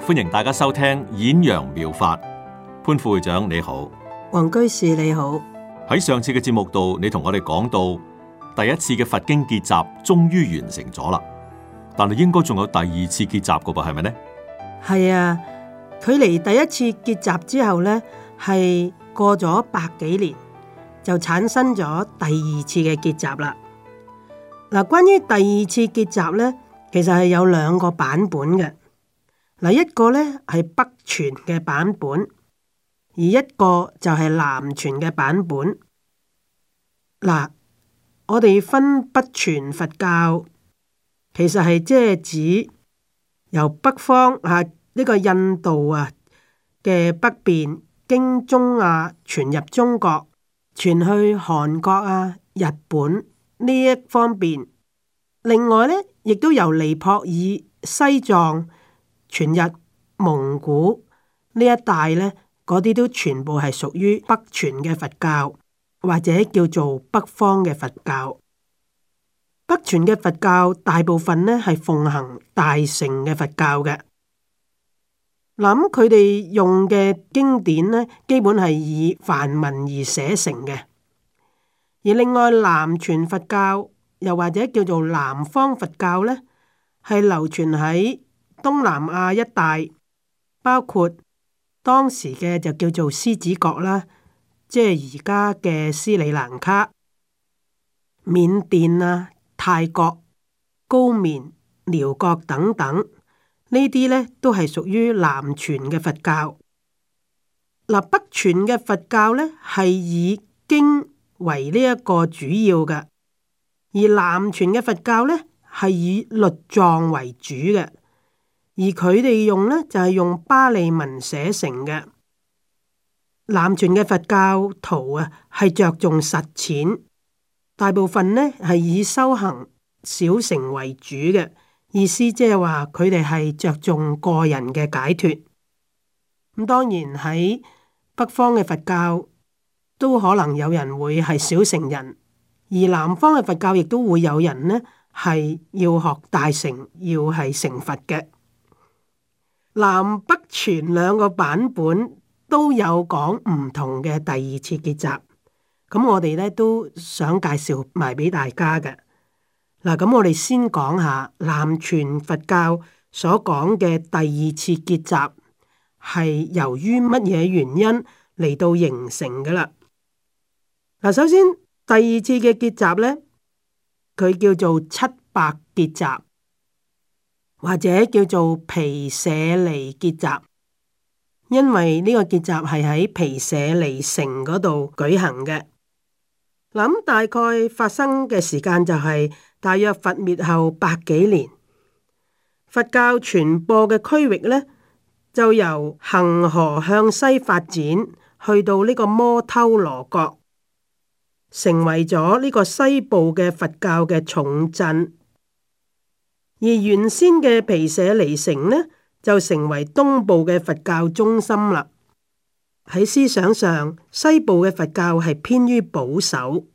歡迎大家收聽演揚妙法。潘副會長你好，黃居士你好。喺上次嘅節目度，你同我哋講到第一次嘅佛經結集終於完成咗啦，但係應該仲有第二次結集噶噃，係咪呢？係啊，距離第一次結集之後咧，係過咗百幾年，就產生咗第二次嘅結集啦。嗱，關於第二次結集咧，其實係有兩個版本嘅。嗱，一個呢係北傳嘅版本，而一個就係南傳嘅版本。嗱，我哋分北傳佛教，其實係即係指由北方啊呢個印度啊嘅北邊經中亞傳入中國，傳去韓國啊、日本呢一方面。另外呢，亦都由尼泊爾、西藏。全日蒙古呢一帶呢，嗰啲都全部係屬於北傳嘅佛教，或者叫做北方嘅佛教。北傳嘅佛教大部分呢係奉行大乘嘅佛教嘅。嗱，佢哋用嘅經典呢，基本係以梵文而寫成嘅。而另外南傳佛教，又或者叫做南方佛教呢，係流傳喺東南亞一帶包括當時嘅就叫做獅子國啦，即係而家嘅斯里蘭卡、緬甸啊、泰國、高棉、寮國等等，呢啲呢都係屬於南傳嘅佛教。嗱，北傳嘅佛教呢係以經為呢一個主要嘅，而南傳嘅佛教呢係以律藏為主嘅。而佢哋用呢，就係、是、用巴利文寫成嘅。南傳嘅佛教徒啊，係着重實踐，大部分呢，係以修行小乘為主嘅意思，即係話佢哋係着重個人嘅解脫。咁當然喺北方嘅佛教都可能有人會係小乘人，而南方嘅佛教亦都會有人呢，係要學大乘，要係成佛嘅。南北傳兩個版本都有講唔同嘅第二次結集，咁我哋咧都想介紹埋俾大家嘅。嗱，咁我哋先講下南傳佛教所講嘅第二次結集係由於乜嘢原因嚟到形成噶啦？嗱，首先第二次嘅結集呢，佢叫做七百結集。或者叫做毗舍離結集，因為呢個結集係喺毗舍離城嗰度舉行嘅，諗大概發生嘅時間就係大約佛滅後百幾年，佛教傳播嘅區域呢，就由恆河向西發展，去到呢個摩偷羅國，成為咗呢個西部嘅佛教嘅重鎮。而原先嘅皮舍離城呢，就成為東部嘅佛教中心啦。喺思想上，西部嘅佛教係偏於保守，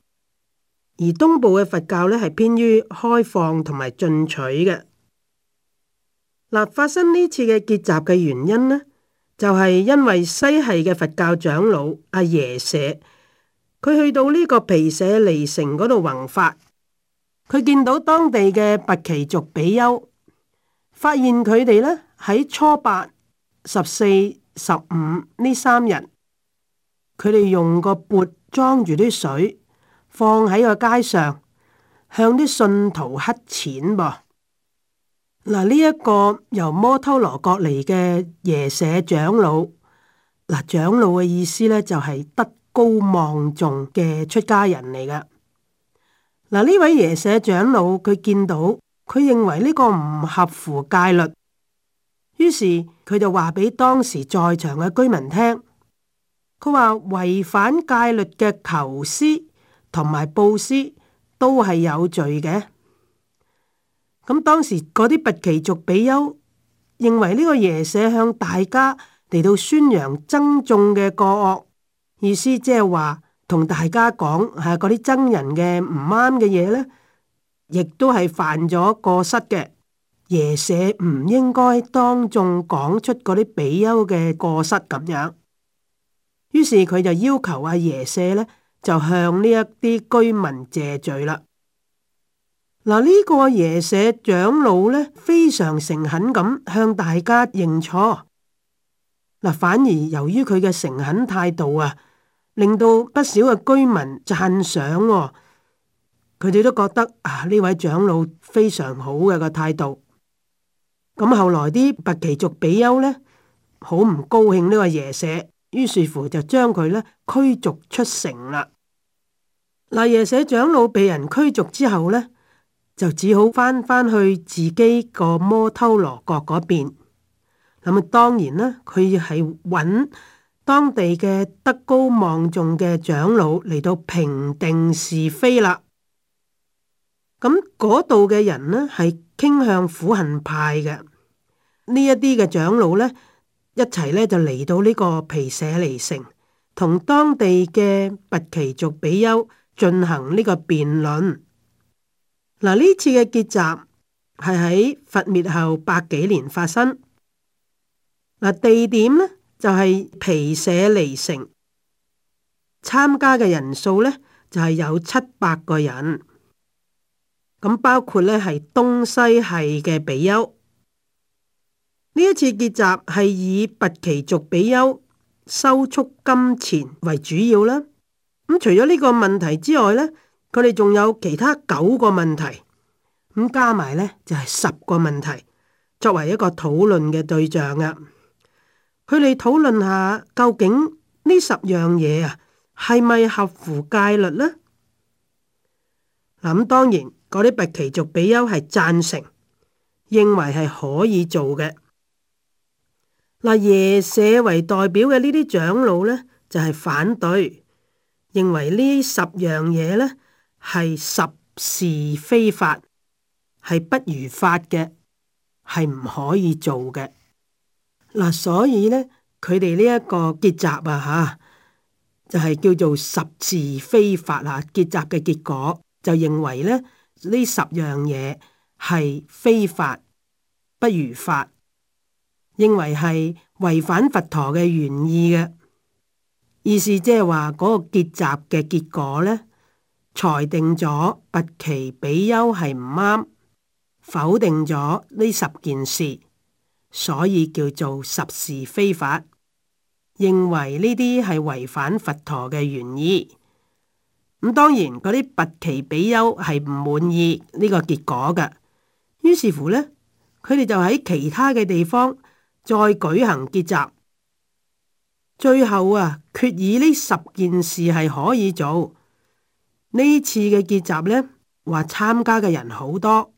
而東部嘅佛教呢，係偏於開放同埋進取嘅。嗱、呃，發生呢次嘅結集嘅原因呢，就係、是、因為西係嘅佛教長老阿耶舍，佢去到呢個皮舍離城嗰度弘法。佢見到當地嘅跋耆族比丘，發現佢哋咧喺初八、十四、十五呢三日，佢哋用個缽裝住啲水，放喺個街上，向啲信徒乞錢噃。嗱，呢一個由摩偷羅國嚟嘅耶舍長老，嗱，長老嘅意思呢，就係德高望重嘅出家人嚟㗎。嗱，呢位耶舍長老佢見到，佢認為呢個唔合乎戒律，於是佢就話俾當時在場嘅居民聽，佢話違反戒律嘅求師同埋布施都係有罪嘅。咁當時嗰啲拔耆族比丘認為呢個耶舍向大家嚟到宣揚僧眾嘅過惡，意思即係話。同大家講吓，嗰啲僧人嘅唔啱嘅嘢呢，亦都係犯咗過失嘅。耶舍唔應該當眾講出嗰啲比丘嘅過失咁樣。於是佢就要求阿、啊、耶舍呢，就向呢一啲居民謝罪啦。嗱、啊，呢、呢個耶舍長老呢，非常誠懇咁向大家認錯。嗱、啊，反而由於佢嘅誠懇態度啊。令到不少嘅居民讚賞，哦，佢哋都覺得啊呢位長老非常好嘅、這個態度。咁後來啲白旗族比丘呢，好唔高興呢個耶舍，於是乎就將佢呢驅逐出城啦。嗱，耶舍長老被人驅逐之後呢，就只好翻翻去自己個摩偷羅國嗰邊。咁啊，當然啦，佢係揾。當地嘅德高望重嘅長老嚟到平定是非啦。咁嗰度嘅人呢係傾向苦行派嘅呢一啲嘅長老呢，一齊呢，就嚟到呢個皮舍離城，同當地嘅拔耆族比丘進行呢個辯論。嗱，呢次嘅結集係喺佛滅後百幾年發生。嗱，地點呢？就係皮舍離城，參加嘅人數呢，就係、是、有七百個人咁，包括呢係東西係嘅比丘。呢一次結集係以拔其族比丘收蓄金錢為主要啦。咁除咗呢個問題之外呢，佢哋仲有其他九個問題，咁加埋呢，就係、是、十個問題，作為一個討論嘅對象啊。佢哋討論下究竟呢十樣嘢啊係咪合乎戒律呢？嗱，咁當然，嗰啲白騎族比丘係贊成，認為係可以做嘅。嗱，耶舍為代表嘅呢啲長老呢，就係、是、反對，認為呢十樣嘢呢係十事非法，係不如法嘅，係唔可以做嘅。嗱，所以咧，佢哋呢一個結集啊，吓，就係、是、叫做十事非法啊，結集嘅結果就認為咧，呢十樣嘢係非法，不如法，認為係違反佛陀嘅原意嘅，意思即係話嗰個結集嘅結果咧，裁定咗跋耆比丘係唔啱，否定咗呢十件事。所以叫做十事非法，認為呢啲係違反佛陀嘅原意。咁當然嗰啲拔奇比丘係唔滿意呢個結果嘅，於是乎呢，佢哋就喺其他嘅地方再舉行結集。最後啊，決議呢十件事係可以做。呢次嘅結集呢，話參加嘅人好多。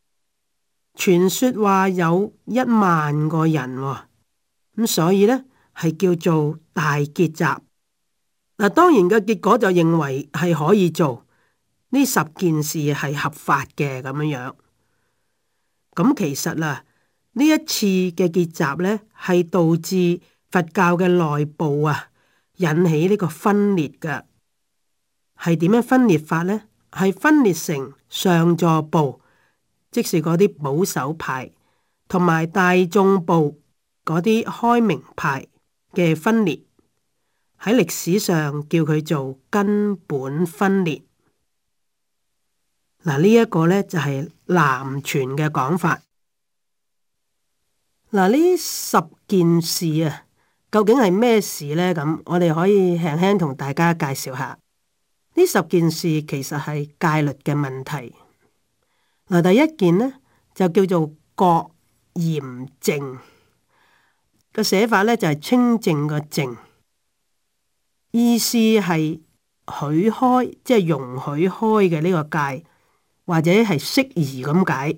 傳説話有一萬個人喎，咁所以呢係叫做大結集。嗱，當然嘅結果就認為係可以做呢十件事係合法嘅咁樣樣。咁其實啊，呢一次嘅結集呢係導致佛教嘅內部啊引起呢個分裂嘅，係點樣分裂法呢？係分裂成上座部。即是嗰啲保守派同埋大眾部嗰啲開明派嘅分裂，喺歷史上叫佢做根本分裂。嗱，呢一個呢就係南傳嘅講法。嗱，呢十件事啊，究竟係咩事呢？咁我哋可以輕輕同大家介紹下，呢十件事其實係戒律嘅問題。嗱，第一件呢，就叫做國鹽淨，個寫法呢，就係、是、清淨個淨，意思係許開，即、就、係、是、容許開嘅呢個戒，或者係適宜咁解，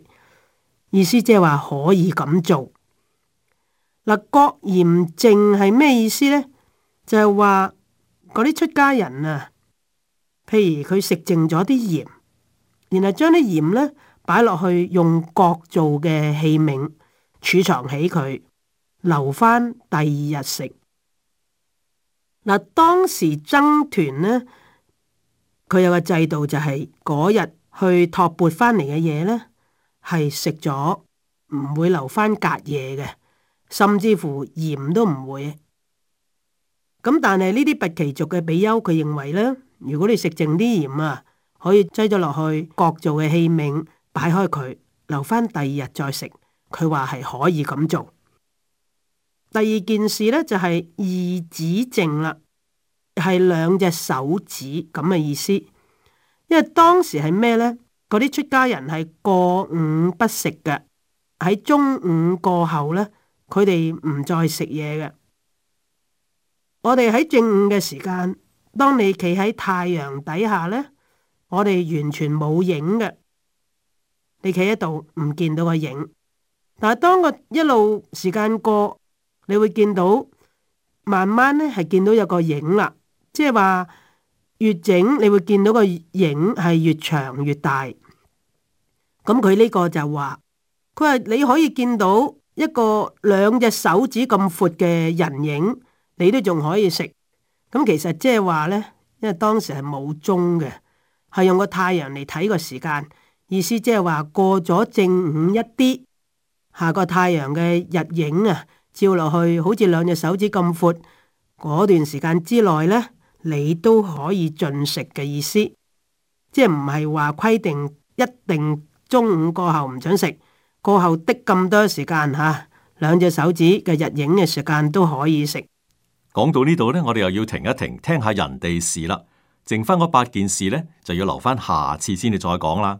意思即係話可以咁做。嗱，國鹽淨係咩意思呢？就係話嗰啲出家人啊，譬如佢食淨咗啲鹽，然後將啲鹽呢。擺落去用角做嘅器皿儲藏起佢，留翻第二日食。嗱，當時僧團咧，佢有個制度就係、是、嗰日去托鉢翻嚟嘅嘢呢，係食咗唔會留翻隔夜嘅，甚至乎鹽都唔會。咁但係呢啲跋耆族嘅比丘，佢認為呢，如果你食剩啲鹽啊，可以擠咗落去角做嘅器皿。解開佢，留翻第二日再食。佢話係可以咁做。第二件事呢，就係二指淨啦，係兩隻手指咁嘅意思。因為當時係咩呢？嗰啲出家人係過午不食嘅，喺中午過後呢，佢哋唔再食嘢嘅。我哋喺正午嘅時間，當你企喺太陽底下呢，我哋完全冇影嘅。你企喺度唔見到個影，但係當個一路時間過，你會見到慢慢咧係見到有個影啦。即係話越整你會見到個影係越長越大。咁佢呢個就話，佢話你可以見到一個兩隻手指咁闊嘅人影，你都仲可以食。咁其實即係話呢，因為當時係冇鐘嘅，係用個太陽嚟睇個時間。意思即係話過咗正午一啲，下個太陽嘅日影啊，照落去好似兩隻手指咁闊，嗰段時間之內呢，你都可以進食嘅意思。即係唔係話規定一定中午過後唔准食，過後的咁多時間吓，啊、兩隻手指嘅日影嘅時間都可以食。講到呢度呢，我哋又要停一停，聽下人哋事啦。剩翻嗰八件事呢，就要留翻下次先至再講啦。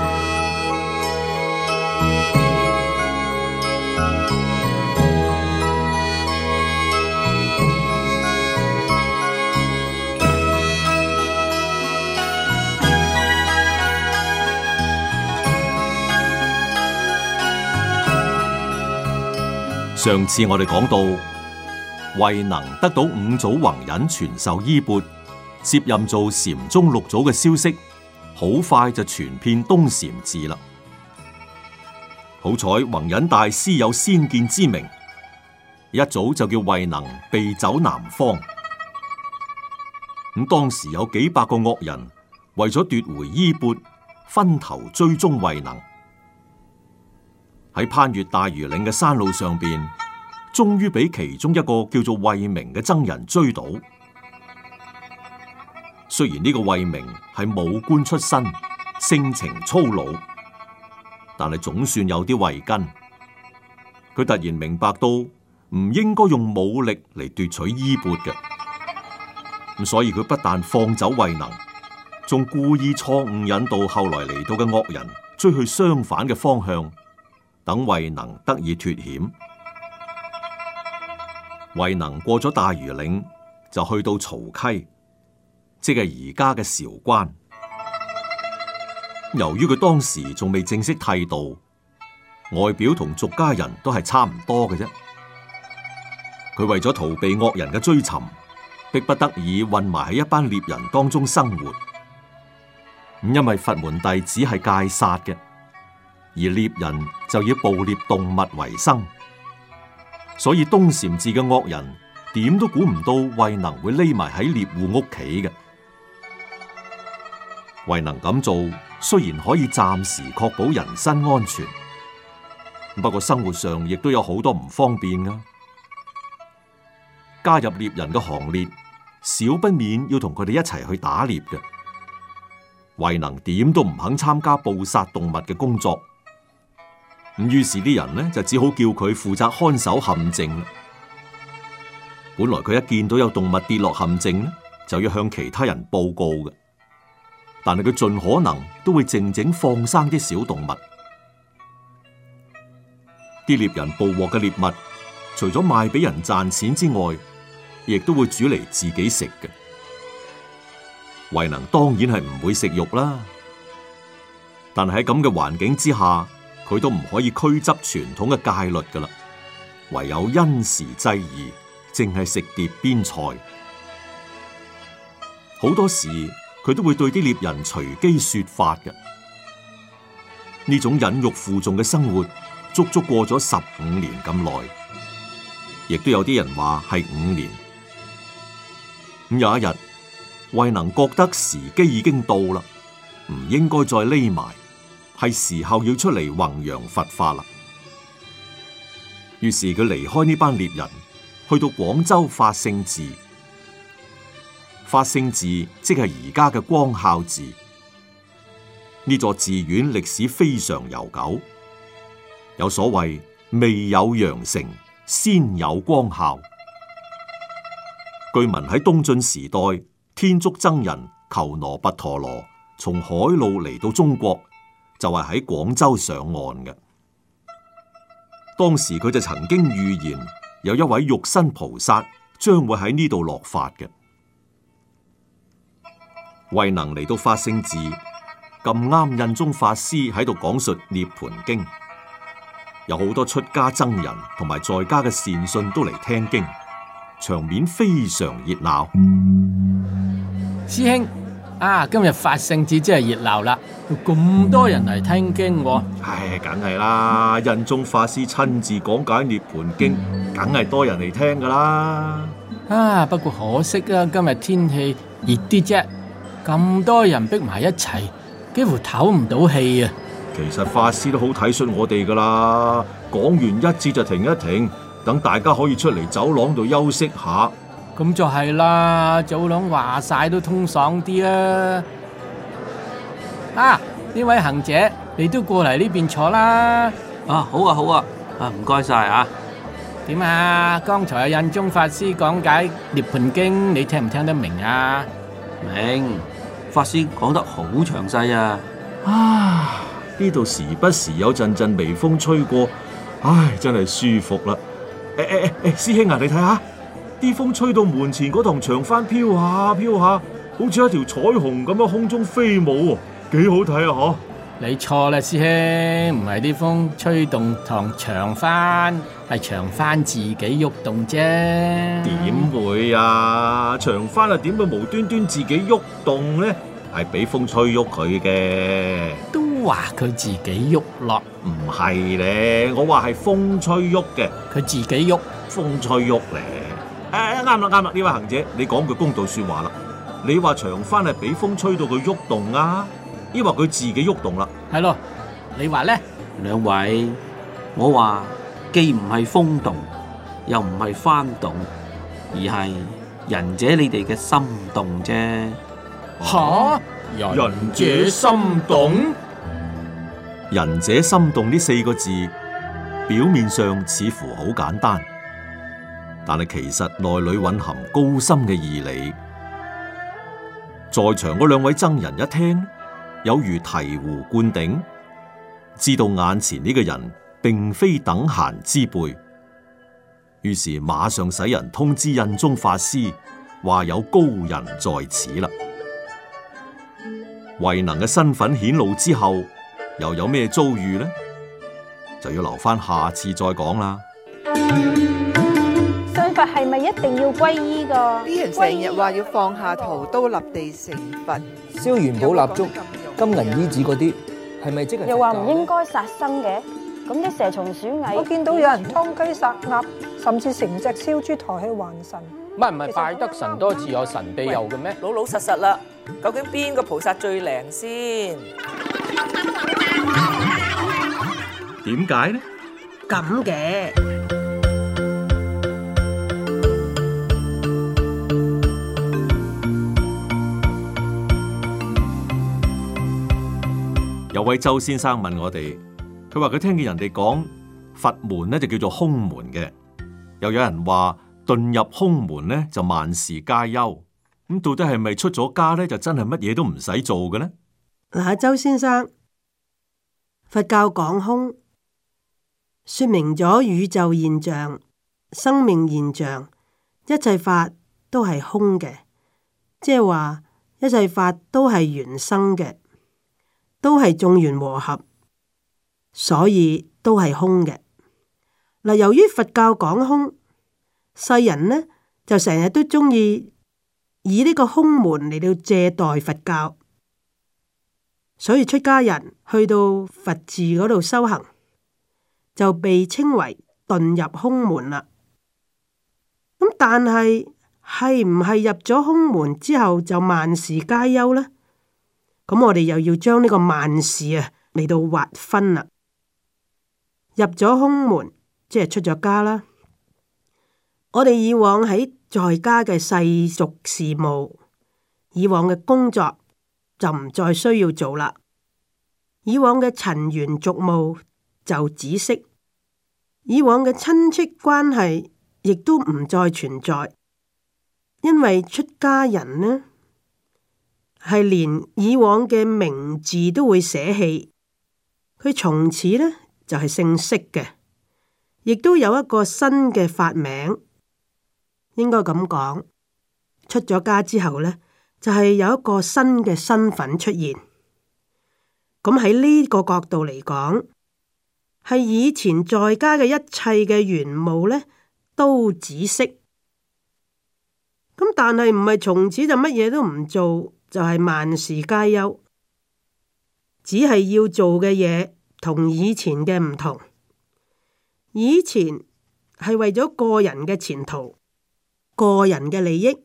上次我哋講到，慧能得到五祖弘忍傳授衣鉢，接任做禪宗六祖嘅消息，好快就傳遍東禪寺啦。好彩弘忍大師有先見之明，一早就叫慧能避走南方。咁當時有幾百個惡人為咗奪回衣鉢，分頭追蹤慧能。喺攀越大庾嶺嘅山路上邊，終於俾其中一個叫做慧明嘅僧人追到。雖然呢個慧明係武官出身，性情粗魯，但係總算有啲慧根。佢突然明白到唔應該用武力嚟奪取衣鉢嘅，咁所以佢不但放走慧能，仲故意錯誤引導後來嚟到嘅惡人追去相反嘅方向。等慧能得以脫險，慧能過咗大庾嶺，就去到曹溪，即係而家嘅韶關。由於佢當時仲未正式剃度，外表同俗家人都係差唔多嘅啫。佢為咗逃避惡人嘅追尋，迫不得已混埋喺一班獵人當中生活。咁因為佛門弟子係戒殺嘅。而獵人就以捕獵動物為生，所以東禪寺嘅惡人點都估唔到慧能會匿埋喺獵戶屋企嘅。慧能咁做，雖然可以暫時確保人身安全，不過生活上亦都有好多唔方便啊！加入獵人嘅行列，少不免要同佢哋一齊去打獵嘅。慧能點都唔肯參加捕殺動物嘅工作。於是啲人呢，就只好叫佢負責看守陷阱啦。本來佢一見到有動物跌落陷阱呢，就要向其他人報告嘅。但係佢盡可能都會靜靜放生啲小動物。啲獵人捕獲嘅獵物，除咗賣俾人賺錢之外，亦都會煮嚟自己食嘅。慧能當然係唔會食肉啦，但係喺咁嘅環境之下。佢都唔可以拘執傳統嘅戒律噶啦，唯有因時制宜，淨係食碟邊菜。好多時佢都會對啲獵人隨機說法嘅。呢種忍辱負重嘅生活，足足過咗十五年咁耐，亦都有啲人話係五年。咁有一日，慧能覺得時機已經到啦，唔應該再匿埋。係時候要出嚟弘揚佛法啦。於是佢離開呢班獵人，去到廣州法性寺。法性寺即係而家嘅光孝寺。呢座寺院歷史非常悠久，有所謂未有羊城，先有光孝。據聞喺東晉時代，天竺僧人求羅跋陀羅從海路嚟到中國。就係喺廣州上岸嘅。當時佢就曾經預言，有一位肉身菩薩將會喺呢度落髮嘅。慧能嚟到法性寺，咁啱印宗法師喺度講述涅槃經，有好多出家僧人同埋在家嘅善信都嚟聽經，場面非常熱鬧。師兄。啊！今日法性寺真係熱鬧啦，咁多人嚟聽經喎。啊。唉，梗係啦，印宗法師親自講解《涅槃經》，梗係多人嚟聽噶啦。啊，不過可惜啊，今日天，天氣熱啲啫，咁多人逼埋一齊，幾乎唞唔到氣啊。其實法師都好體恤我哋噶啦，講完一節就停一停，等大家可以出嚟走廊度休息下。咁就係啦，早兩話曬都通爽啲啦。啊，呢位行者，你都過嚟呢邊坐啦。啊，好啊，好啊。啊，唔該曬啊。點啊？剛才有印中法師講解《涅槃經》，你聽唔聽得明啊？明。法師講得好詳細啊。啊，呢度時不時有陣陣微風吹過，唉，真係舒服啦。誒誒誒，師兄啊，你睇下。啲風吹到門前嗰堂長幡，飄下飄下，好似一條彩虹咁樣喺空中飛舞喎，幾好睇啊！嚇，你錯啦，師兄，唔係啲風吹動堂長幡，係長幡自己喐動啫。點會啊？長幡啊，點會無端端自己喐動咧？係俾風吹喐佢嘅。都話佢自己喐落，唔係咧，我話係風吹喐嘅，佢自己喐，風吹喐咧。誒、啊，啱啦啱啦，呢位行者，你講句公道說話啦。你話長幡係俾風吹到佢喐動，動啊，抑或佢自己喐動啦。係咯，你話咧？兩位，我話既唔係風動，又唔係幡動，而係仁者你哋嘅心動啫。吓，仁者心動，仁者心動呢四個字，表面上似乎好簡單。但係其實內裏蘊含高深嘅義理，在場嗰兩位僧人一聽，有如醍醐灌頂，知道眼前呢個人並非等閒之輩，於是馬上使人通知印宗法師，話有高人在此啦。慧能嘅身份顯露之後，又有咩遭遇呢？就要留翻下次再講啦。係咪一定要皈依噶？呢啲人成日話要放下屠刀立地成佛，燒元寶蠟燭、金銀衣紙嗰啲，係咪即係？又話唔應該殺生嘅，咁啲蛇蟲鼠蟻，我見到有人劏雞殺鴨，甚至成隻燒豬抬去還神。唔係唔係，拜得神多自有神庇佑嘅咩？老老實實啦，究竟邊個菩薩最靈先？點解呢？咁嘅。有位周先生問我哋，佢話佢聽見人哋講佛門咧就叫做空門嘅，又有人話遁入空門咧就萬事皆休。咁、嗯、到底係咪出咗家咧就真係乜嘢都唔使做嘅咧？嗱，周先生，佛教講空，說明咗宇宙現象、生命現象、一切法都係空嘅，即係話一切法都係緣生嘅。都係眾緣和合，所以都係空嘅。嗱，由於佛教講空，世人呢就成日都中意以呢個空門嚟到借代佛教，所以出家人去到佛寺嗰度修行，就被稱為遁入空門啦。咁但係係唔係入咗空門之後就萬事皆休呢？咁、嗯、我哋又要將呢個萬事啊嚟到劃分啦，入咗空門即係出咗家啦。我哋以往喺在，在家嘅世俗事務、以往嘅工作就唔再需要做啦，以往嘅塵緣俗務就止息，以往嘅親戚關係亦都唔再存在，因為出家人呢。係連以往嘅名字都會捨棄，佢從此呢就係、是、姓釋嘅，亦都有一個新嘅法名，應該咁講。出咗家之後呢，就係、是、有一個新嘅身份出現。咁喺呢個角度嚟講，係以前在家嘅一切嘅緣務呢都止息。咁但係唔係從此就乜嘢都唔做。就係萬事皆休，只係要做嘅嘢同以前嘅唔同。以前係為咗個人嘅前途、個人嘅利益，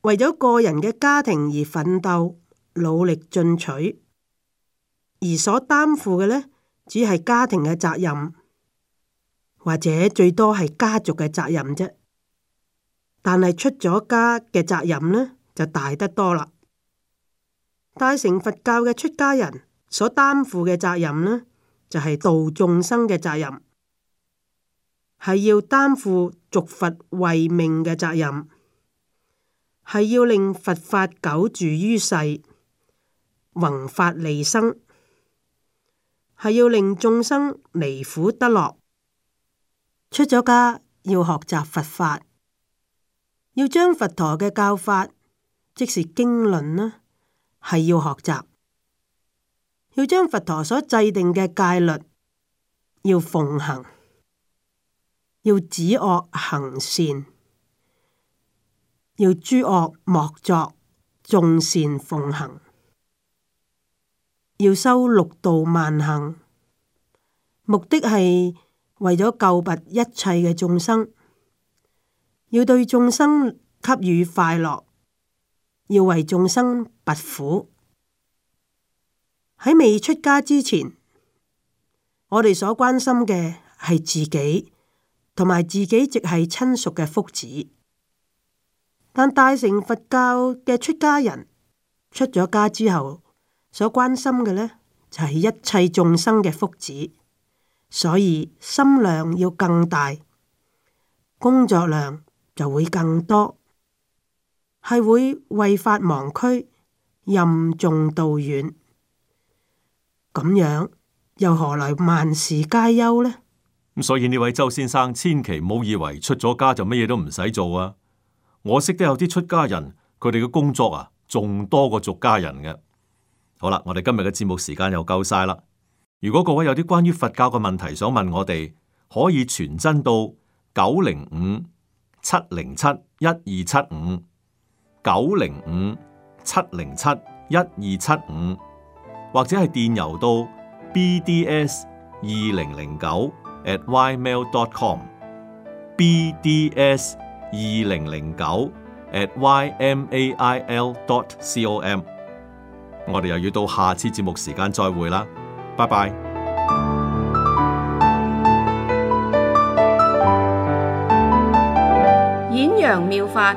為咗個人嘅家庭而奮鬥、努力進取，而所擔負嘅呢，只係家庭嘅責任，或者最多係家族嘅責任啫。但係出咗家嘅責任呢，就大得多啦。大乘佛教嘅出家人所擔負嘅責任呢，就係、是、度眾生嘅責任，係要擔負續佛慧命嘅責任，係要令佛法久住於世，弘法利生，係要令眾生離苦得樂。出咗家要學習佛法，要將佛陀嘅教法，即是經論啦。係要學習，要將佛陀所制定嘅戒律要奉行，要止惡行善，要諸惡莫作，眾善奉行，要修六度萬行，目的係為咗救拔一切嘅眾生，要對眾生給予快樂。要為眾生拔苦。喺未出家之前，我哋所關心嘅係自己同埋自己，即係親屬嘅福祉。但大乘佛教嘅出家人出咗家之後，所關心嘅呢就係一切眾生嘅福祉。所以心量要更大，工作量就會更多。係會為法盲區，任重道遠咁樣，又何來萬事皆休呢？咁所以呢位周先生，千祈冇以為出咗家就乜嘢都唔使做啊！我識得有啲出家人，佢哋嘅工作啊，仲多過俗家人嘅。好啦，我哋今日嘅節目時間又夠晒啦。如果各位有啲關於佛教嘅問題想問我哋，可以傳真到九零五七零七一二七五。九零五七零七一二七五，75, 或者係電郵到 bds 二零零九 at ymail dot com，bds 二零零九 at ymail dot com，, ym com 我哋又要到下次節目時間再會啦，拜拜。演揚妙法。